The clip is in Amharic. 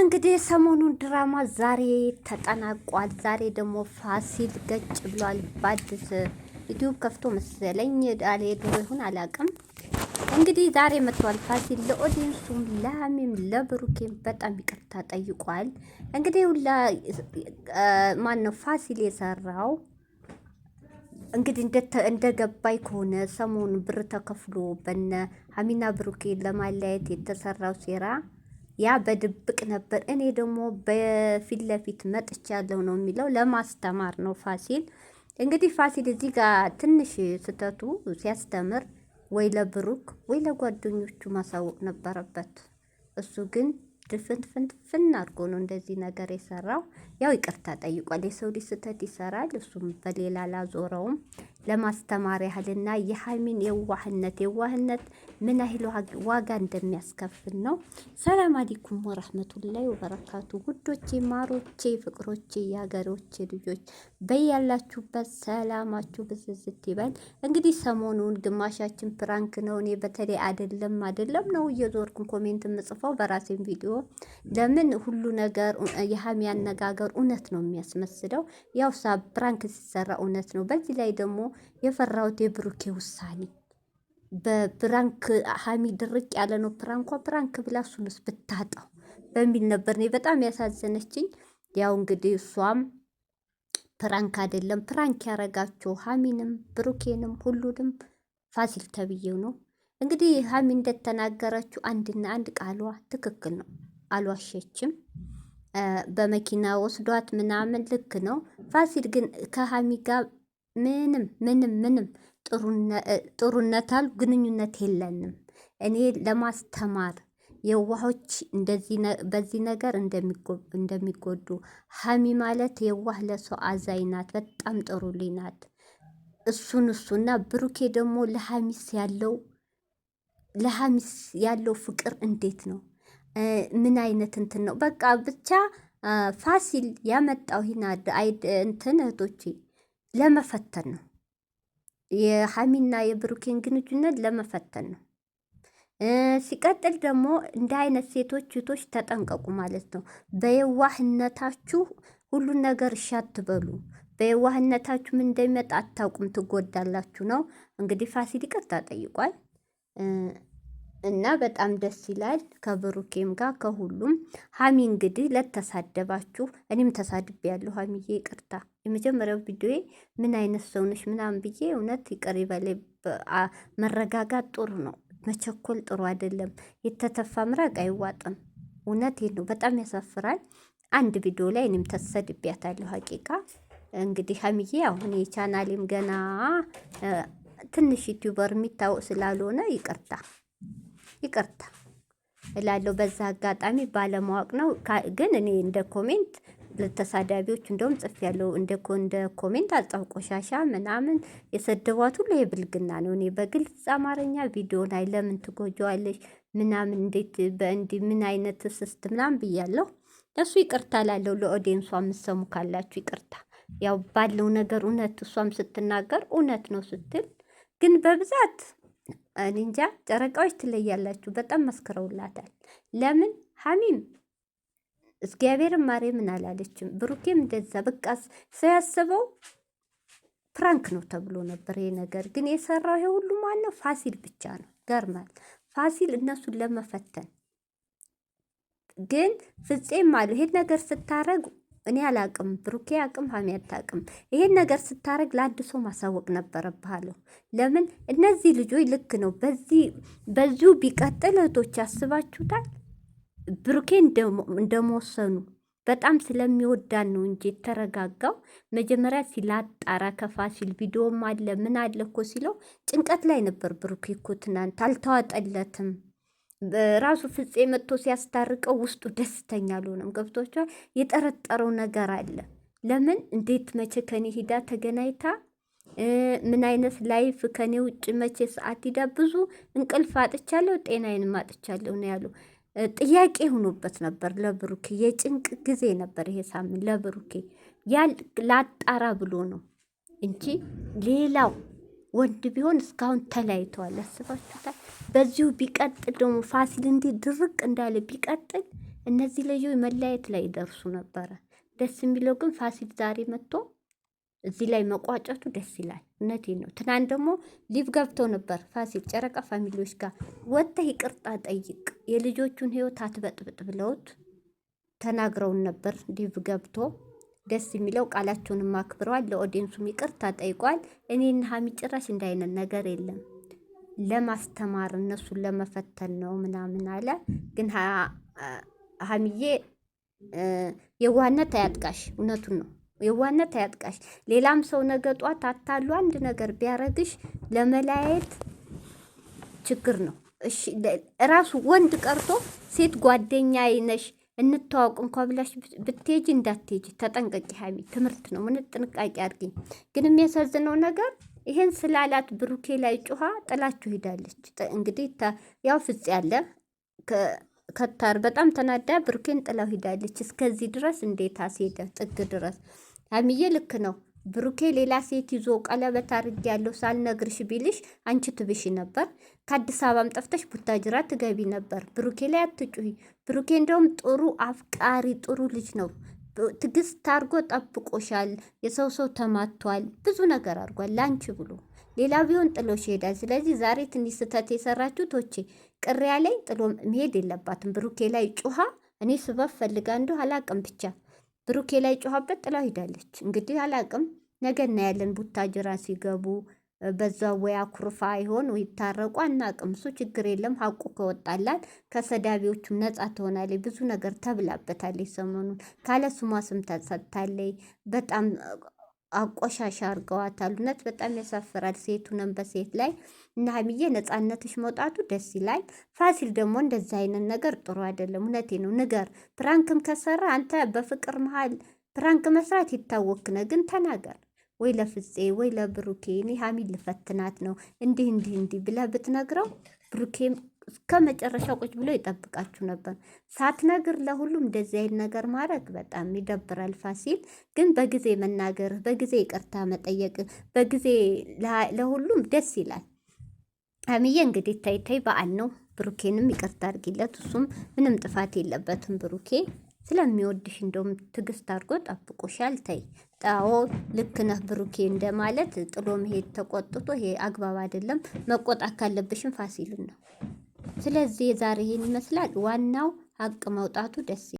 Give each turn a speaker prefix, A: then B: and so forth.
A: እንግዲህ ሰሞኑን ድራማ ዛሬ ተጠናቋል። ዛሬ ደግሞ ፋሲል ገጭ ብሏል። በአዲስ ዩቲዩብ ከፍቶ መሰለኝ ዳሌ ድሮ ይሁን አላውቅም። እንግዲህ ዛሬ መጥቷል ፋሲል ለኦዲየንሱም ለሀሚም ለብሩኬም በጣም ይቅርታ ጠይቋል። እንግዲህ ሁላ ማን ነው ፋሲል የሰራው እንግዲህ እንደገባይ ከሆነ ሰሞኑን ብር ተከፍሎ በነ ሀሚና ብሩኬ ለማለያየት የተሰራው ሴራ ያ በድብቅ ነበር። እኔ ደግሞ በፊት ለፊት መጥቻለሁ ነው የሚለው ለማስተማር ነው ፋሲል። እንግዲህ ፋሲል እዚህ ጋር ትንሽ ስህተቱ ሲያስተምር ወይ ለብሩክ ወይ ለጓደኞቹ ማሳወቅ ነበረበት። እሱ ግን ድፍንፍንፍን አድርጎ ነው እንደዚህ ነገር የሰራው። ያው ይቅርታ ጠይቋል። የሰው ልጅ ስህተት ይሰራል። እሱም በሌላ አላዞረውም። ለማስተማር ያህልና የሀይሚን የዋህነት የዋህነት ምን ያህል ዋጋ እንደሚያስከፍል ነው። ሰላም አለይኩም ወረህመቱላይ ወበረካቱ። ውዶቼ፣ ማሮቼ፣ ፍቅሮቼ፣ የሀገሮቼ ልጆች በያላችሁበት ሰላማችሁ ብዝዝት ይበል። እንግዲህ ሰሞኑን ግማሻችን ፕራንክ ነው። እኔ በተለይ አይደለም አይደለም ነው እየዞርኩን ኮሜንት የምጽፈው በራሴን ቪዲዮ። ለምን ሁሉ ነገር የሀሚ አነጋገር እውነት ነው የሚያስመስለው። ያው ሳ ፕራንክ ሲሰራ እውነት ነው። በዚህ ላይ ደግሞ የፈራሁት የብሩኬ ውሳኔ በፕራንክ ሀሚ ድርቅ ያለ ነው። ፕራንኳ ፕራንክ ብላ እሱንስ ብታጣው በሚል ነበር እኔ በጣም ያሳዘነችኝ። ያው እንግዲህ እሷም ፕራንክ አይደለም ፕራንክ ያረጋቸው ሀሚንም ብሩኬንም ሁሉንም ፋሲል ተብዬው ነው እንግዲህ ሀሚ እንደተናገረችው አንድና አንድ ቃሏ ትክክል ነው። አልዋሸችም። በመኪና ወስዷት ምናምን ልክ ነው። ፋሲል ግን ከሀሚ ጋር ምንም ምንም ምንም ጥሩነታል ግንኙነት የለንም። እኔ ለማስተማር የዋሆች በዚህ ነገር እንደሚጎዱ ሀሚ ማለት የዋህ ለሰው አዛኝ ናት። በጣም ጥሩ ልጅ ናት። እሱን እና ብሩኬ ደግሞ ለሀሚስ ያለው ለሀሚስ ያለው ፍቅር እንዴት ነው? ምን አይነት እንትን ነው? በቃ ብቻ ፋሲል ያመጣው ይህን እንትን እህቶቼ ለመፈተን ነው። የሀሚና የብሩኬን ግንኙነት ለመፈተን ነው። ሲቀጥል ደግሞ እንደ አይነት ሴቶች እህቶች ተጠንቀቁ ማለት ነው። በየዋህነታችሁ ሁሉን ነገር እሺ አትበሉ። በየዋህነታችሁ ምን እንደሚመጣ አታውቁም፣ ትጎዳላችሁ ነው እንግዲህ። ፋሲል ይቅርታ ጠይቋል። እና በጣም ደስ ይላል። ከብሩኬም ጋር ከሁሉም ሀሚ እንግዲህ ለተሳደባችሁ እኔም ተሳድቤ ያለሁ ሀሚዬ ይቅርታ። የመጀመሪያው ቪዲዮ ምን አይነት ሰው ነሽ ምናምን ብዬ እውነት ይቅር ይበለኝ። መረጋጋት ጥሩ ነው፣ መቸኮል ጥሩ አይደለም። የተተፋ ምራቅ አይዋጥም። እውነት ነው፣ በጣም ያሳፍራል። አንድ ቪዲዮ ላይ እኔም ተሰድቤያታለሁ። ሀቂቃ እንግዲህ ሀሚዬ አሁን የቻናሌም ገና ትንሽ ዩቲዩበር የሚታወቅ ስላልሆነ ይቅርታ ይቅርታ እላለሁ። በዛ አጋጣሚ ባለማወቅ ነው። ግን እኔ እንደ ኮሜንት ለተሳዳቢዎች እንደውም ጽፍ ያለው እንደ ኮሜንት አጻው ቆሻሻ ምናምን የሰደቧት ሁሉ የብልግና ነው። እኔ በግልጽ አማርኛ ቪዲዮ ላይ ለምን ትጎጂዋለሽ ምናምን እንዴት በእንዲ ምን አይነት ስስት ምናምን ብያለሁ። እሱ ይቅርታ ላለው ለኦዲየንሷ የምሰሙ ካላችሁ ይቅርታ። ያው ባለው ነገር እውነት እሷም ስትናገር እውነት ነው ስትል ግን በብዛት እንጃ ጨረቃዎች ትለያላችሁ። በጣም መስክረውላታል። ለምን ሀሚም እግዚአብሔር ማሬ ምን አላለችም። ብሩኬም እንደዛ በቃ ሳያስበው ፕራንክ ነው ተብሎ ነበር። ይሄ ነገር ግን የሰራው ይሄ ሁሉ ማነው? ፋሲል ብቻ ነው። ገርማል። ፋሲል እነሱን ለመፈተን ግን ፍፄም አሉ ይሄን ነገር ስታረግ እኔ አላቅም፣ ብሩኬ አቅም፣ ሀሚ አታቅም። ይሄን ነገር ስታረግ ለአንድ ሰው ማሳወቅ ነበረብሃለሁ። ለምን እነዚህ ልጆች ልክ ነው። በዚህ በዚሁ ቢቀጥል እህቶች ያስባችሁታል። ብሩኬ እንደመወሰኑ በጣም ስለሚወዳን ነው እንጂ የተረጋጋው። መጀመሪያ ሲላጣራ ከፋሲል ቪዲዮም አለ ምን አለ እኮ ሲለው ጭንቀት ላይ ነበር ብሩኬ እኮ ትናንት አልተዋጠለትም። ራሱ ፍፄ መጥቶ ሲያስታርቀው ውስጡ ደስተኛ አልሆነም። ገብቷቸዋል። የጠረጠረው ነገር አለ። ለምን እንዴት መቼ ከኔ ሂዳ ተገናኝታ ምን አይነት ላይፍ ከኔ ውጭ መቼ ሰዓት ሂዳ ብዙ እንቅልፍ አጥቻለሁ፣ ጤናዬንም አጥቻለሁ ነው ያሉ። ጥያቄ ሆኖበት ነበር ለብሩኬ። የጭንቅ ጊዜ ነበር ይሄ ሳምንት ለብሩኬ። ያ ላጣራ ብሎ ነው እንጂ ሌላው ወንድ ቢሆን እስካሁን ተለያይተዋል። አስባችሁታል? በዚሁ ቢቀጥል ደግሞ ፋሲል እንዲህ ድርቅ እንዳለ ቢቀጥል እነዚህ ልጆች መለያየት ላይ ይደርሱ ነበረ። ደስ የሚለው ግን ፋሲል ዛሬ መጥቶ እዚህ ላይ መቋጨቱ ደስ ይላል። እውነቴን ነው። ትናንት ደግሞ ሊቭ ገብተው ነበር ፋሲል ጨረቃ ፋሚሊዎች ጋር ወጥተህ ይቅርታ ጠይቅ፣ የልጆቹን ህይወት አትበጥብጥ ብለውት ተናግረውን ነበር ሊቭ ገብቶ ደስ የሚለው ቃላቸውንም አክብረዋል። ለኦዲየንሱም ይቅርታ ጠይቋል። እኔና ሀሚ ጭራሽ እንዳይነት ነገር የለም ለማስተማር እነሱን ለመፈተን ነው ምናምን አለ። ግን ሀሚዬ የዋነት አያጥቃሽ፣ እውነቱን ነው የዋነት አያጥቃሽ። ሌላም ሰው ነገ ጧት አታሉ አንድ ነገር ቢያረግሽ ለመለያየት ችግር ነው። ራሱ ወንድ ቀርቶ ሴት ጓደኛ ነሽ እንተዋውቅ እንኳ ብላሽ ብትሄጂ እንዳትሄጂ ተጠንቀቂ ሀቢ። ትምህርት ነው ምን ጥንቃቄ አድርጊ። ግን የሚያሳዝነው ነገር ይሄን ስላላት ብሩኬ ላይ ጩኋ ጥላችሁ ሄዳለች። እንግዲህ ያው ፍጽ ያለ ከታር በጣም ተናዳ ብሩኬን ጥላው ሄዳለች። እስከዚህ ድረስ እንዴት አስሄደ ጥግ ድረስ ሀሚዬ ልክ ነው። ብሩኬ ሌላ ሴት ይዞ ቀለበት ያለው ሳልነግርሽ ቢልሽ አንቺ ትብሽ ነበር። ከአዲስ አበባም ጠፍተሽ ቡታጅራ ትገቢ ነበር። ብሩኬ ላይ አትጩሂ። ብሩኬ እንደውም ጥሩ አፍቃሪ ጥሩ ልጅ ነው። ትግስት ታርጎ ጠብቆሻል። የሰው ሰው ተማቷል፣ ብዙ ነገር አድርጓል ለአንቺ ብሎ። ሌላ ቢሆን ጥሎሽ ይሄዳል። ስለዚህ ዛሬ ትንሽ ስተት የሰራችሁ ቶቼ ቅሪያ ላይ ጥሎ መሄድ የለባትም። ብሩኬ ላይ ጩሃ እኔ ስበብ ፈልጋ እንደው አላቅም ብቻ ብሩኬ ላይ ጮኸበት ጥላ ሂዳለች። እንግዲህ አላቅም፣ ነገ እናያለን። ቡታጅራ ሲገቡ በዛ ወይ አኩርፋ ይሆን ወይ ታረቁ አናቅም። እሱ ችግር የለም ሀቁ ከወጣላት ከሰዳቢዎቹም ነፃ ትሆናለች። ብዙ ነገር ተብላበታለች። ሰሞኑን ካለ ስሟ ስም ተሰጥታለች በጣም አቆሻሻ አድርገዋታል። እውነት በጣም ያሳፍራል። ሴቱ ነን በሴት ላይ እና ሀይሚዬ ነፃነትሽ መውጣቱ ደስ ይላል። ፋሲል ደግሞ እንደዚ አይነት ነገር ጥሩ አይደለም። እውነቴ ነው ንገር። ፕራንክም ከሰራ አንተ በፍቅር መሀል ፕራንክ መስራት ይታወክ ነ ግን ተናገር ወይ ለፍፄ ወይ ለብሩኬ እኔ ሀሚ ልፈትናት ነው እንዲህ እንዲህ እንዲህ ብለህ ብትነግረው ብሩኬም እስከ መጨረሻው ቁጭ ብሎ ይጠብቃችሁ ነበር። ሳትነግር ለሁሉም እንደዚህ አይነት ነገር ማድረግ በጣም ይደብራል። ፋሲል ግን በጊዜ መናገር፣ በጊዜ ይቅርታ መጠየቅ፣ በጊዜ ለሁሉም ደስ ይላል። አሚዬ እንግዲህ ታይታይ በዓል ነው። ብሩኬንም ይቅርታ አድርጊለት። እሱም ምንም ጥፋት የለበትም ብሩኬ ስለሚወድሽ እንደውም ትግስት አድርጎ ጠብቆሻል። ተይ ጣዎ ልክ ነህ ብሩኬ እንደማለት ጥሎ መሄድ ተቆጥቶ፣ ይሄ አግባብ አይደለም። መቆጣት ካለብሽም ፋሲልን ነው። ስለዚህ የዛሬ ይህን ይመስላል። ዋናው ሀቅ መውጣቱ ደስ